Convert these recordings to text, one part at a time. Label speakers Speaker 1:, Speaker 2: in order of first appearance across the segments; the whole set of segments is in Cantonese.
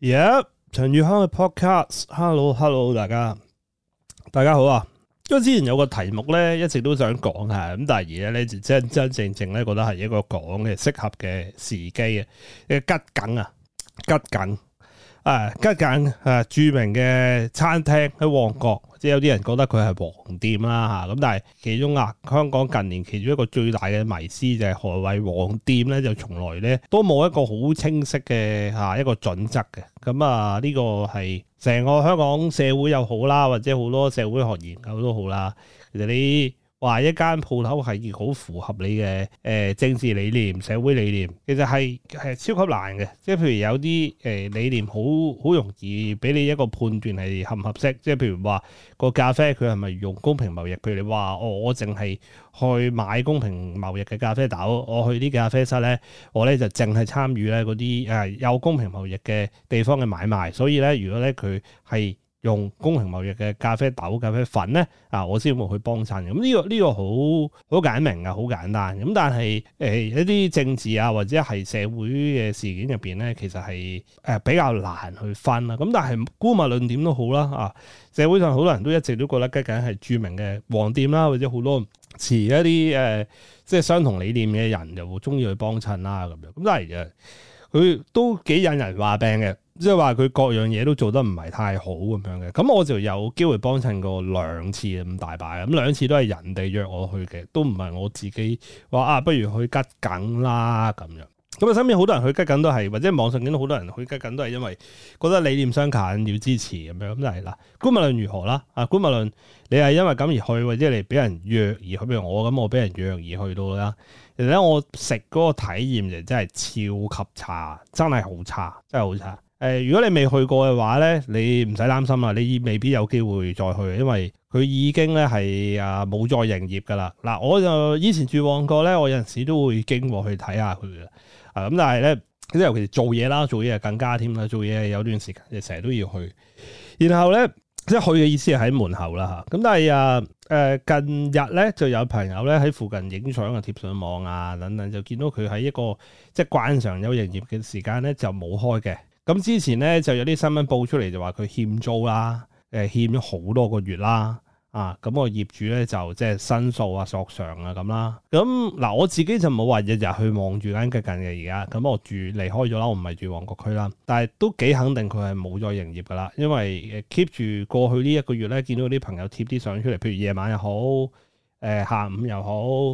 Speaker 1: 耶！陳宇康嘅 podcast，hello hello 大家，大家好啊！因為之前有個題目咧，一直都想講嘅，咁但係而家咧就真真正正咧覺得係一個講嘅適合嘅時機啊，一個吉梗啊，吉梗。誒、啊、吉緊誒、啊、著名嘅餐廳喺旺角，即係有啲人覺得佢係黃店啦嚇，咁、啊、但係其中啊，香港近年其中一個最大嘅迷思就係何謂黃店咧，就從來咧都冇一個好清晰嘅嚇、啊、一個準則嘅。咁啊，呢、這個係成個香港社會又好啦，或者好多社會學研究都好啦，其實你。話一間鋪頭係好符合你嘅誒、呃、政治理念、社會理念，其實係係超級難嘅。即係譬如有啲誒、呃、理念，好好容易俾你一個判斷係合唔合適。即係譬如話，個咖啡佢係咪用公平貿易？譬如你話我我淨係去買公平貿易嘅咖啡豆，我去啲咖啡室咧，我咧就淨係參與咧嗰啲誒有公平貿易嘅地方嘅買賣。所以咧，如果咧佢係。用公平貿易嘅咖啡豆、咖啡粉咧，啊，我先會去幫襯。咁呢個呢、這個好好簡明啊，好簡單。咁但係誒、呃、一啲政治啊，或者係社會嘅事件入邊咧，其實係誒、呃、比較難去分啦、啊。咁但係姑勿論點都好啦啊！社會上好多人都一直都覺得吉謹係著名嘅黃店啦、啊，或者好多持一啲誒、呃、即係相同理念嘅人就又中意去幫襯啦咁樣。咁但係誒佢都幾引人話病嘅。即係話佢各樣嘢,都做得唔係太好咁樣嘅，咁我就有機會幫襯過兩次咁大把，咁兩次都係人哋約我去嘅，都唔係我自己話啊，不如去吉梗啦咁樣。咁啊，身邊好多人去吉梗都係，或者網上見到好多人去吉梗都係因為覺得理念相近要支持咁樣，咁就係、是、嗱，姑勿論如何啦，啊，姑勿論你係因為咁而去，或者你俾人約而去，譬如我咁，我俾人約而去到啦。其實咧，我食嗰個體驗就真係超級差，真係好差，真係好差。誒，如果你未去過嘅話咧，你唔使擔心啦，你未必有機會再去，因為佢已經咧係啊冇再營業噶啦。嗱，我就以前住旺角咧，我有陣時都會經過去睇下佢嘅。啊，咁但係咧，即係尤其是做嘢啦，做嘢更加添啦，做嘢有段時間，成日都要去。然後咧，即係去嘅意思係喺門口啦吓。咁但係啊，誒、呃、近日咧就有朋友咧喺附近影相啊，貼上網啊等等，就見到佢喺一個即係慣常有營業嘅時間咧就冇開嘅。咁之前咧就有啲新聞報出嚟就話佢欠租啦，誒欠咗好多個月啦，啊咁個業主咧就即係申訴啊、索償啊咁啦。咁嗱、啊、我自己就冇話日日去望住間近近嘅而家，咁我住離開咗啦，我唔係住旺角區啦，但係都幾肯定佢係冇再營業噶啦，因為誒 keep 住過去呢一個月咧見到啲朋友貼啲相出嚟，譬如夜晚又好，誒下午又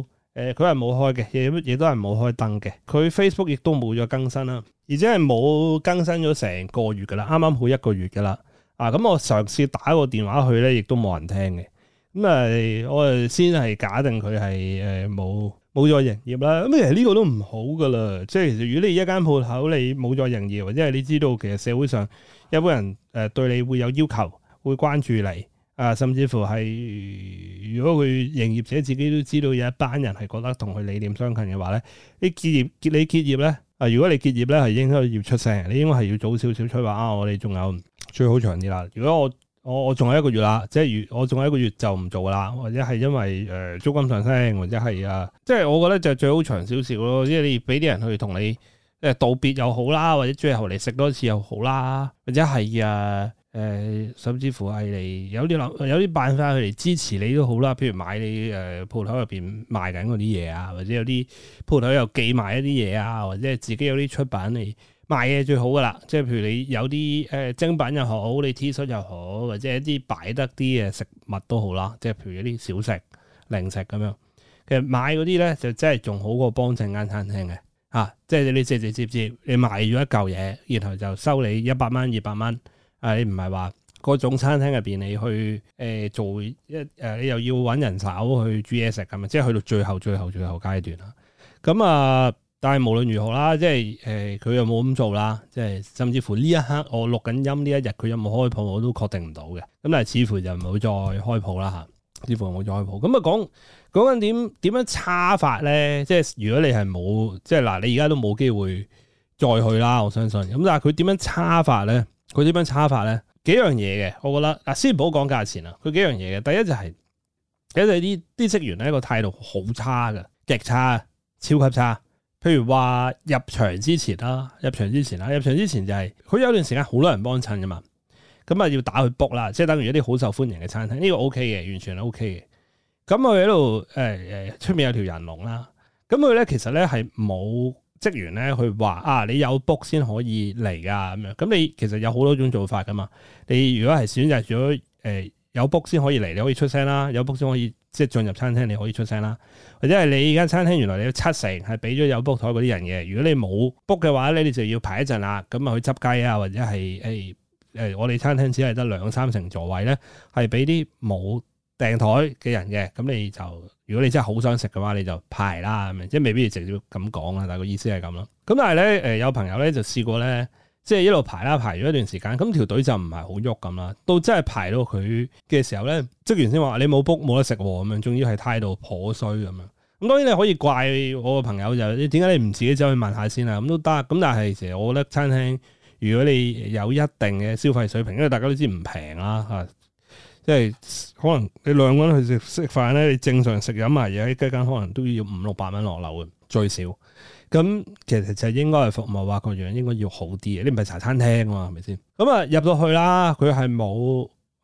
Speaker 1: 好。誒佢係冇開嘅，嘢乜嘢都係冇開燈嘅。佢 Facebook 亦都冇咗更新啦，而且係冇更新咗成個月㗎啦，啱啱好一個月㗎啦。啊，咁、嗯、我嘗試打個電話去咧，亦都冇人聽嘅。咁、嗯、啊，我啊先係假定佢係誒冇冇再營業啦。咁其實呢個都唔好㗎啦。即係其實如果你一間鋪頭你冇再營業，或者係你知道其實社會上一般人誒、呃、對你會有要求，會關注你。啊，甚至乎係、呃，如果佢營業者自己都知道有一班人係覺得同佢理念相近嘅話咧，你結業結你結業咧，啊，如果你結業咧係應該要出聲，你應該係要早少少出話啊，我哋仲有最好長啲啦。如果我我我仲有一個月啦，即係如我仲有一個月就唔做啦，或者係因為誒、呃、租金上升，或者係啊，即係我覺得就最好長少少咯，即係你俾啲人去同你誒道別又好啦，或者最後嚟食多次又好啦，或者係啊。誒、呃，甚至乎係嚟有啲諗，有啲辦法去嚟支持你都好啦。譬如買你誒鋪、呃、頭入邊賣緊嗰啲嘢啊，或者有啲鋪頭又寄埋一啲嘢啊，或者自己有啲出品嚟賣嘢最好噶啦。即係譬如你有啲誒精品又好，你 T 恤又好，或者一啲擺得啲嘅食物都好啦。即係譬如有啲小食、零食咁樣。其實買嗰啲咧就真係仲好過幫襯間餐廳嘅嚇、啊。即係你直接接接你賣咗一嚿嘢，然後就收你一百蚊、二百蚊。係、啊、你唔係話嗰種餐廳入邊你去誒、呃、做一誒、啊、你又要揾人手去煮嘢食咁啊，即係去到最後最後最後階段啦。咁、嗯、啊，但係無論如何啦，即係誒佢又冇咁做啦。即係甚至乎呢一刻我錄緊音呢一日佢有冇開鋪我都確定唔到嘅。咁但係似乎就唔會再開鋪啦吓，似乎冇再開鋪。咁、嗯、啊講講緊點點樣差法咧？即係如果你係冇即係嗱，你而家都冇機會再去啦。我相信。咁但係佢點樣差法咧？佢點樣差法咧？幾樣嘢嘅，我覺得嗱先唔好講價錢啦。佢幾樣嘢嘅，第一就係佢哋啲啲職員咧個態度好差㗎，極差、超級差。譬如話入場之前啦，入場之前啦，入場之前就係、是、佢有段時間好多人幫襯㗎嘛，咁啊要打去 book 啦，即係等於一啲好受歡迎嘅餐廳，呢、這個 O K 嘅，完全 O K 嘅。咁佢喺度誒誒出面有條人龍啦，咁佢咧其實咧係冇。職員咧去話啊，你有 book 先可以嚟噶咁樣，咁你其實有好多種做法噶嘛。你如果係選擇咗誒、呃、有 book 先可以嚟，你可以出聲啦；有 book 先可以即係進入餐廳，你可以出聲啦。或者係你間餐廳原來你有七成係俾咗有 book 台嗰啲人嘅，如果你冇 book 嘅話咧，你就要排一陣啦。咁啊去執雞啊，或者係誒誒，我哋餐廳只係得兩三成座位咧，係俾啲冇訂台嘅人嘅，咁你就如果你真係好想食嘅話，你就排啦，咁樣即係未必要直接咁講啦，大概意思係咁咯。咁但係咧，誒有朋友咧就試過咧，即係一路排啦，排咗一段時間，咁條隊就唔係好喐咁啦。到真係排到佢嘅時候咧，職員先話你冇 book 冇得食咁樣，仲要係態度頗衰咁樣。咁當然你可以怪我個朋友就，點解你唔自己走去問下先啊？咁都得。咁但係其實我覺得餐廳如果你有一定嘅消費水平，因為大家都知唔平啦吓。即係可能你兩個人去食食飯咧，你正常食飲埋嘢喺雞間，一間一間可能都要五六百蚊落樓嘅最少。咁其實就實應該係服務啊，個樣應該要好啲嘅，你唔係茶餐廳啊嘛，係咪先？咁啊入到去啦，佢係冇。誒，誒誒、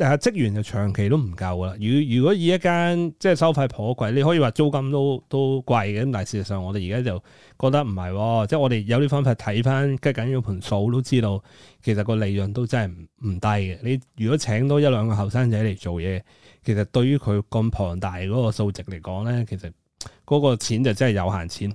Speaker 1: 呃，職、呃、員就長期都唔夠啦。如如果以一間，即係收費頗貴，你可以話租金都都貴嘅。咁但係事實上我哋而家就覺得唔係、哦，即係我哋有啲方法睇翻跟緊要盤數，看看盤數都知道其實個利潤都真係唔唔低嘅。你如果請多一兩個後生仔嚟做嘢，其實對於佢咁龐大嗰個數值嚟講咧，其實嗰個錢就真係有限錢。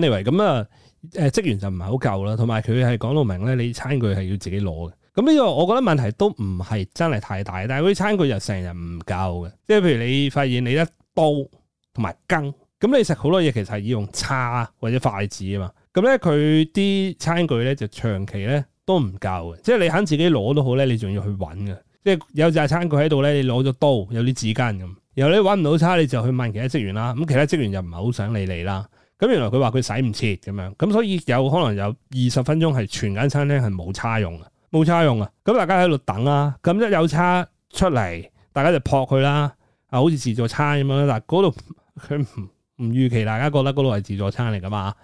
Speaker 1: Anyway，咁、嗯、啊，誒、呃，職員就唔係好夠啦，同埋佢係講到明咧，你餐具係要自己攞嘅。咁呢個我覺得問題都唔係真係太大，但係嗰啲餐具就成日唔夠嘅。即係譬如你發現你一刀同埋羹，咁你食好多嘢，其實係要用叉或者筷子啊嘛。咁咧佢啲餐具咧就長期咧都唔夠嘅。即係你肯自己攞都好咧，你仲要去揾嘅。即係有隻餐具喺度咧，你攞咗刀，有啲紙巾咁。然後你揾唔到叉，你就去問其他職員啦。咁其他職員又唔係好想理你啦。咁原來佢話佢洗唔切咁樣，咁所以有可能有二十分鐘係全間餐廳係冇叉用嘅。冇叉用啊！咁大家喺度等啦。咁一有叉出嚟，大家就撲佢啦。啊，好似自助餐咁樣啦，嗱嗰度佢唔唔預期，大家覺得嗰度係自助餐嚟噶嘛？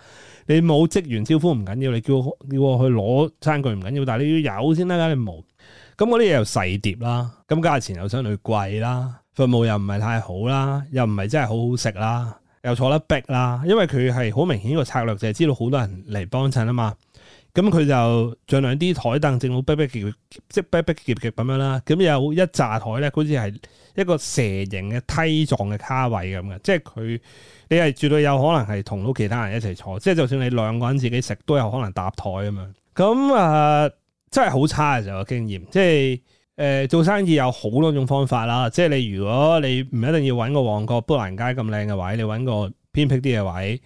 Speaker 1: 你冇職員招呼唔緊要，你叫叫我，我去攞餐具唔緊要，但係你要有先得㗎，你冇。咁嗰啲嘢又細碟啦，咁價錢又相對貴啦，服務又唔係太好啦，又唔係真係好好食啦，又坐得逼啦，因為佢係好明顯個策略就係、是、知道好多人嚟幫襯啊嘛。咁佢就盡量啲台凳整到逼逼夾，即係逼逼夾夾咁樣啦。咁有一紮台咧，好似係一個蛇形嘅梯狀嘅卡位咁嘅，即係佢你係絕對有可能係同到其他人一齊坐，即係就算你兩個人自己食都有可能搭台啊嘛。咁、嗯、啊，真係好差嘅時候個經驗，即係誒、呃，做生意有好多種方法啦。即係你如果你唔一定要揾個旺角砵蘭街咁靚嘅位，你揾個偏僻啲嘅位。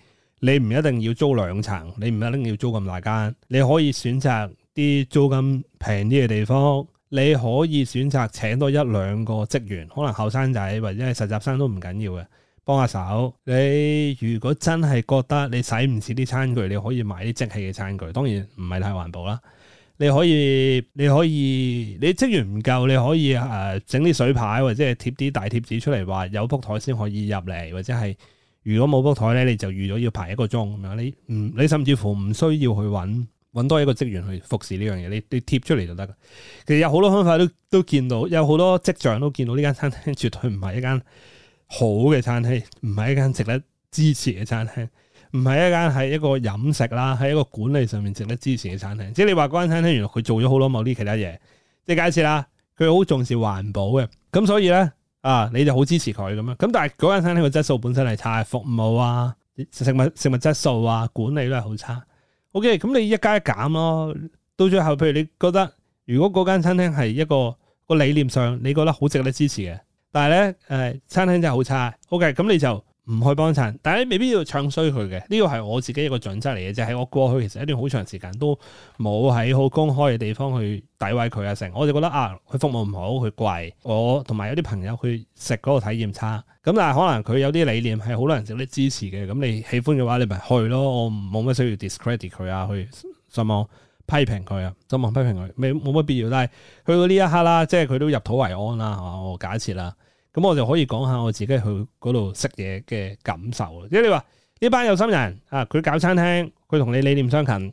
Speaker 1: 你唔一定要租兩層，你唔一定要租咁大間，你可以選擇啲租金平啲嘅地方，你可以選擇請多一兩個職員，可能後生仔或者係實習生都唔緊要嘅，幫下手。你如果真係覺得你使唔切啲餐具，你可以買啲即棄嘅餐具，當然唔係太環保啦。你可以你可以你職員唔夠，你可以誒整啲水牌或者係貼啲大貼紙出嚟，話有幅枱先可以入嚟、呃，或者係。如果冇碌台咧，你就預咗要排一個鐘咁樣。你唔，你甚至乎唔需要去揾揾多一個職員去服侍呢樣嘢，你你貼出嚟就得。其實有好多方法都都見到，有好多跡象都見到呢間餐廳絕對唔係一間好嘅餐廳，唔係一間值得支持嘅餐廳，唔係一間係一個飲食啦，喺一個管理上面值得支持嘅餐廳。即係你話嗰間餐廳原來佢做咗好多某啲其他嘢，即係假設啦，佢好重視環保嘅，咁所以咧。啊，你就好支持佢咁樣，咁但係嗰間餐廳嘅質素本身係差，服務啊、食物食物質素啊、管理都係好差。OK，咁你一加一減咯，到最後，譬如你覺得如果嗰間餐廳係一個、嗰個理念上你覺得好值得支持嘅，但係咧，誒、呃，餐廳真係好差。OK，咁你就。唔去幫襯，但係你未必要唱衰佢嘅。呢個係我自己一個準則嚟嘅，就係我過去其實一段好長時間都冇喺好公開嘅地方去詆毀佢啊成。我就覺得啊，佢服務唔好，佢貴，我同埋有啲朋友去食嗰個體驗差。咁但係可能佢有啲理念係好多人值得支持嘅。咁你喜歡嘅話，你咪去咯。我冇乜需要 discredit 佢啊，去上網批評佢啊，上網批評佢，未冇乜必要。但係去到呢一刻啦，即係佢都入土為安啦。我、哦、假設啦。咁我就可以講下我自己去嗰度食嘢嘅感受。即係你話呢班有心人啊，佢搞餐廳，佢同你理念相近，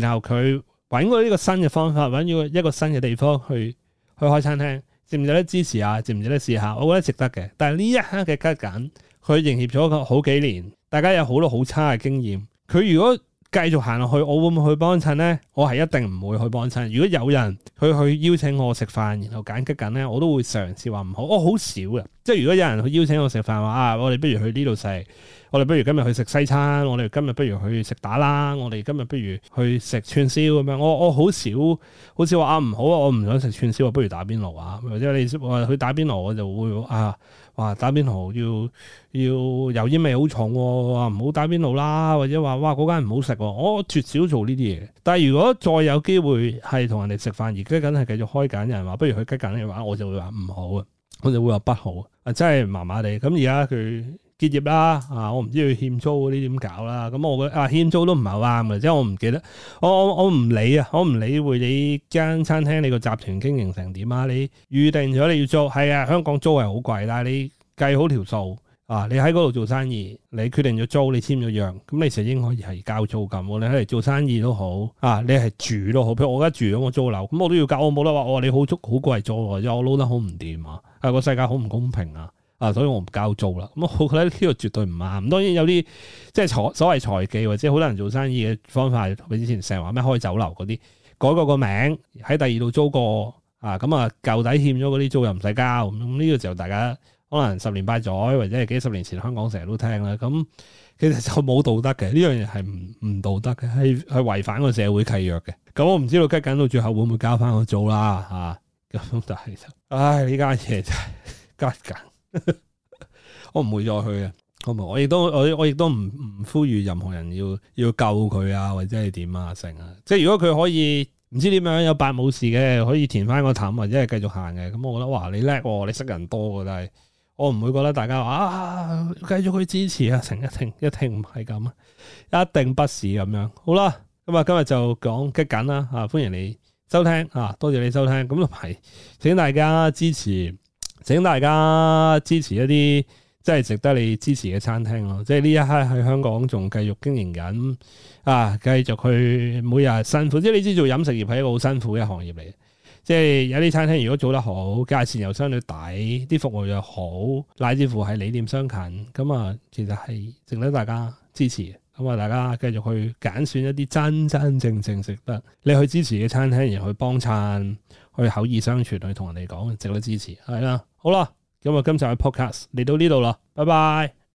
Speaker 1: 然後佢揾到呢個新嘅方法，揾到一個新嘅地方去去開餐廳，值唔值得支持啊？值唔值得試下？我覺得值得嘅。但係呢一刻嘅吉緊，佢營業咗好幾年，大家有好多好差嘅經驗。佢如果，繼續行落去，我會唔會去幫襯呢？我係一定唔會去幫襯。如果有人去去邀請我食飯，然後緊急緊呢，我都會嘗試話唔好。我、哦、好少嘅，即係如果有人去邀請我食飯話啊，我哋不如去呢度食。我哋不如今日去食西餐，我哋今日不如去食打啦。我哋今日不如去食串燒咁樣。哦、我我好少，好似話啊唔好啊，我唔想食串燒啊，不，我不，我不如打邊爐啊。或者你去打邊爐我就會啊。話打邊爐要要油煙味好重喎、啊，唔好打邊爐啦，或者話哇嗰間唔好食喎、啊，我絕少做呢啲嘢。但係如果再有機會係同人哋食飯，而家梗係繼續開緊人話，不如去吉緊嘅話，我就會話唔好啊，我就會話不好、嗯、啊，真係麻麻地。咁而家佢。結業啦，啊！我唔知佢欠租嗰啲點搞啦、啊。咁我覺得啊，欠租都唔係啱嘅，即係我唔記得，我我我唔理啊，我唔理，理會你間餐廳你個集團經營成點啊。你預定咗你要租，係啊，香港租係好貴，但係你計好條數啊。你喺嗰度做生意，你決定咗租，你簽咗約，咁你實應可以係交租咁。你喺嚟做生意都好啊，你係住都好。譬如我而家住咗我租樓咁，我都要交。我冇得話，我你好租好貴租，因為我撈得好唔掂啊！個、啊、世界好唔公平啊！啊！所以我唔交租啦。咁、嗯、我覺得呢個絕對唔啱、啊。咁當然有啲即係所謂財技或者好多人做生意嘅方法，佢之前成日話咩開酒樓嗰啲改過個名，喺第二度租過啊。咁、嗯、啊，舊、嗯、底欠咗嗰啲租又唔使交。咁、嗯、呢、這個就大家可能十年八載或者係幾十年前香港成日都聽啦。咁、嗯、其實就冇道德嘅，呢樣嘢係唔唔道德嘅，係係違反個社會契約嘅。咁我唔知道拮緊到最後會唔會交返個租啦？啊咁就係就唉呢間嘢拮緊。 我唔會再去啊，好唔好？我亦都我我亦都唔唔呼籲任何人要要救佢啊，或者係點啊，成啊，即係如果佢可以唔知點樣有百冇事嘅，可以填翻個氹或者係繼續行嘅，咁、嗯、我覺得哇，你叻喎，啊，你識人多嘅，但係我唔會覺得大家啊，繼續去支持啊，成一定一定唔係咁啊，一定不是咁樣。好啦，咁啊今日就講激緊啦，吓歡迎你收聽啊，多謝你收聽，咁同埋請大家支持。請大家支持一啲真係值得你支持嘅餐廳咯，即係呢一刻喺香港仲繼續經營緊啊，繼續去每日辛苦，即係你知做飲食業係一個好辛苦嘅行業嚟。即係有啲餐廳如果做得好，價錢又相對抵，啲服務又好，乃至乎係理念相近，咁啊，其實係值得大家支持，咁啊，大家繼續去揀選一啲真真正正值得你去支持嘅餐廳，然後去幫襯。去口耳相傳，去同人哋講，值得支持。係啦，好啦，咁啊，今集嘅 podcast 嚟到呢度啦，拜拜。